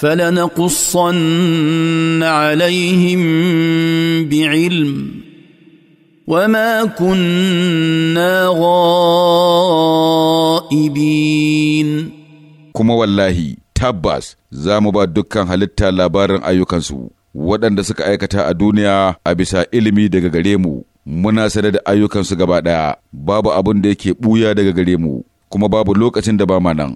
فلنقصن عليهم بعلم وما كنا غائبين kuma wallahi tabbas za mu ba dukkan halitta labarin ayyukansu waɗanda suka aikata a duniya a bisa ilimi daga gare mu muna sanar da ayyukansu gaba ɗaya babu abin da yake ɓuya daga gare mu kuma babu lokacin da ba ma nan